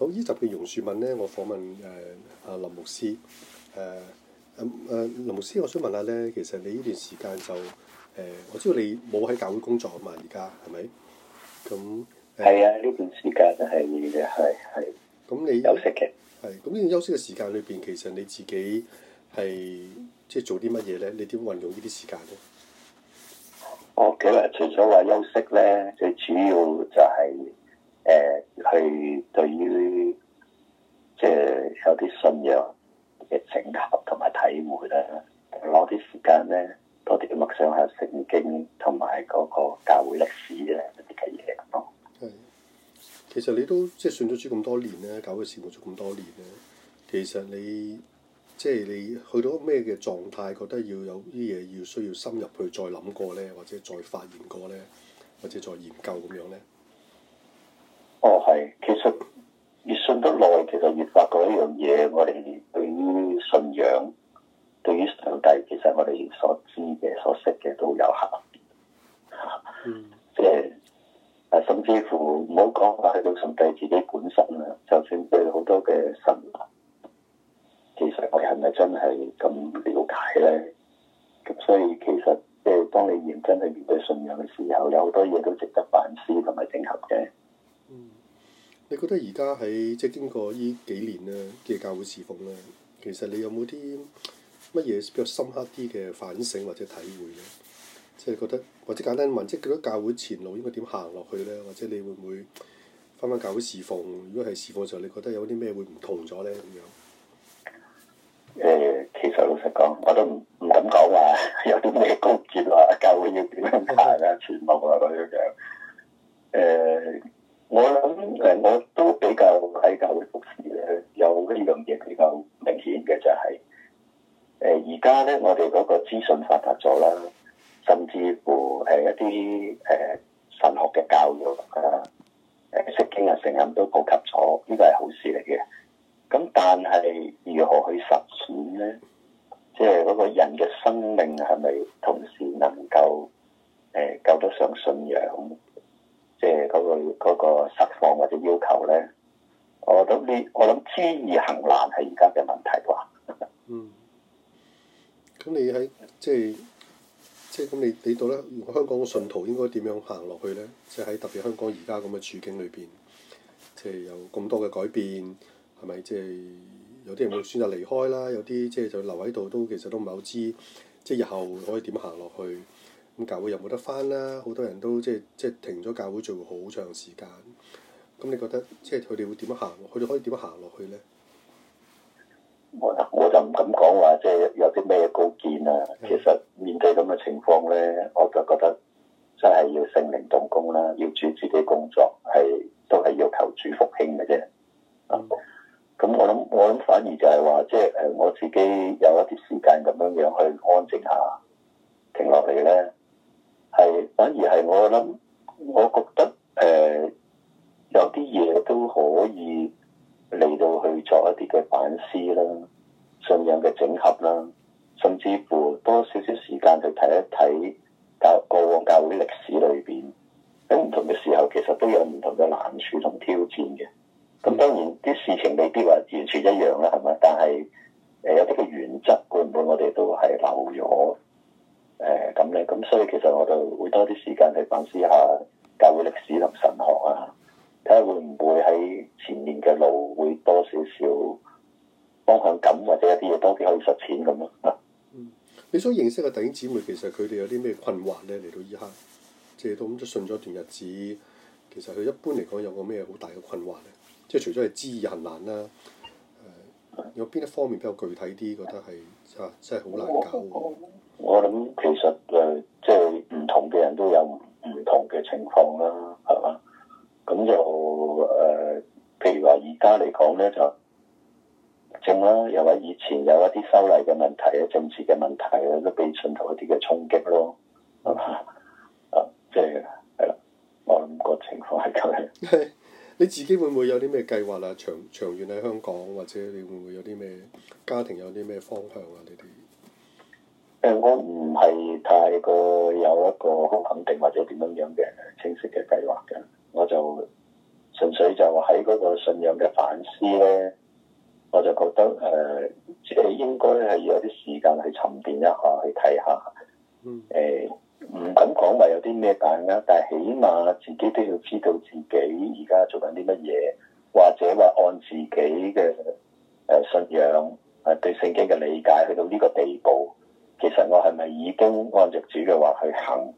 好，集呢集嘅榕樹問咧，我訪問誒、呃、啊林牧師，誒、呃、誒、呃、林牧師，我想問下咧，其實你呢段時間就誒、呃，我知道你冇喺教會工作啊嘛，而家係咪？咁係、呃、啊，呢段時間就係嘅，係係。咁你休息嘅係，咁呢段休息嘅時間裏邊，其實你自己係即係做啲乜嘢咧？你點運用呢啲時間咧？哦，咁啊，除咗話休息咧，最主要就係、係。誒去、呃、對於即係、呃、有啲信仰嘅整合同埋體會咧，攞啲時間咧，多啲默想下聖經同埋嗰個教會歷史嘅一啲嘅嘢咯。係，其實你都即係信咗主咁多年咧，搞個事務咗咁多年咧，其實你即係、就是、你去到咩嘅狀態，覺得要有啲嘢要需要深入去再諗過咧，或者再發現過咧，或者再研究咁樣咧？哦，係，其實越信得耐，其實越發覺一樣嘢，我哋對於信仰，對於上帝，其實我哋所知嘅、所識嘅都有限。嗯。即係，甚至乎唔好講話去到上帝自己本身啊，就算對好多嘅神，其實我係咪真係咁了解咧？咁所以其實，即係當你認真去面對信仰嘅時候，有好多嘢都值得反思同埋整合嘅。嗯、你覺得而家喺即係經過呢幾年呢嘅教會侍奉呢，其實你有冇啲乜嘢比較深刻啲嘅反省或者體會呢？即係覺得，或者簡單問，即係覺得教會前路應該點行落去呢？或者你會唔會翻返教會侍奉？如果係侍奉上，你覺得有啲咩會唔同咗呢？咁樣誒，其實老實講，我都唔敢講話， 有啲咩高見話教會要點樣行啦， 全部啊嗰啲嘅誒。呃我諗誒，我都比較喺教會服侍咧，有呢樣嘢比較明顯嘅就係、是、誒，而家咧我哋嗰個資訊發達咗啦，甚至乎誒一啲誒、呃、神學嘅教育啊，誒釋經啊，成日都普及咗，呢個係好事嚟嘅。咁但係如何去實踐咧？即係嗰個人嘅生命係咪同時能夠誒夠得上信仰？嗰個嗰個實況或者要求咧，我諗你，我諗知易行難係而家嘅問題啩？嗯。咁你喺即係即係咁你睇到咧，香港嘅信徒應該點樣行落去咧？即係喺特別香港而家咁嘅處境裏邊，即係有咁多嘅改變，係咪即係有啲人會選擇離開啦？有啲即係就留喺度，都其實都唔係好知，即係以後可以點行落去？咁教會又冇得翻啦？好多人都即係即係停咗教會做好長時間。咁你覺得即係佢哋會點樣行？佢哋可以點樣行落去咧？我我就唔敢講話，即係有啲咩高見啊！其實面對咁嘅情況咧，我就覺得真係要聖靈動工啦，要主自己工作係都係要求主復興嘅啫。咁、嗯啊、我諗我諗反而就係話，即係誒我自己有一啲時間咁樣樣去安靜下，停落嚟咧。係，反而係我諗，我覺得誒、呃、有啲嘢都可以嚟到去作一啲嘅反思啦，信仰嘅整合啦，甚至乎多少少時間去睇一睇教過往教會歷史裏邊，喺唔同嘅時候其實都有唔同嘅難處同挑戰嘅。咁當然啲事情未必話完全一樣啦，係咪？但係誒、呃、有啲嘅原則會唔會我哋都係漏咗？所以其實我就會多啲時間去反思下教會歷史同神學啊，睇下會唔會喺前面嘅路會多少少方向感或者一啲嘢多啲可以實踐咁咯。嗯，你所認識嘅弟兄姊妹其實佢哋有啲咩困惑咧？嚟到依刻，借到咁，即係信咗段日子，其實佢一般嚟講有個咩好大嘅困惑咧，即係除咗係知易行難啦，誒、呃，有邊一方面比較具體啲覺得係嚇，真係好難搞嘅。我諗其實誒。呃唔同嘅人都有唔同嘅情況啦，係嘛？咁就誒、呃，譬如話而家嚟講咧，就正啦，又話以前有一啲修例嘅問題、政治嘅問題，都被信徒一啲嘅衝擊咯，係嘛？啊、嗯，即係係啦，我諗個情況係咁樣。 你自己會唔會有啲咩計劃啊？長長遠喺香港，或者你會唔會有啲咩家庭有啲咩方向啊？呢啲？誒，我唔係太過有一個好肯定或者點樣樣嘅清晰嘅計劃嘅，我就純粹就喺嗰個信仰嘅反思咧，我就覺得誒，即、呃、係應該係要有啲時間去沉澱一下，去睇下，嗯、呃，誒，唔敢講話有啲咩答案，但係起碼自己都要知道自己而家做緊啲乜嘢，或者話按自己嘅。已經按著主嘅話去行，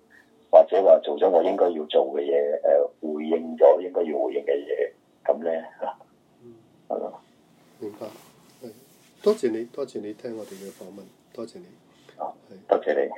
或者話做咗我應該要做嘅嘢，誒，回應咗應該要回應嘅嘢，咁咧，嗯，係咯的，明白，係，多謝你，多謝你聽我哋嘅訪問，多謝你，哦，係，多謝你。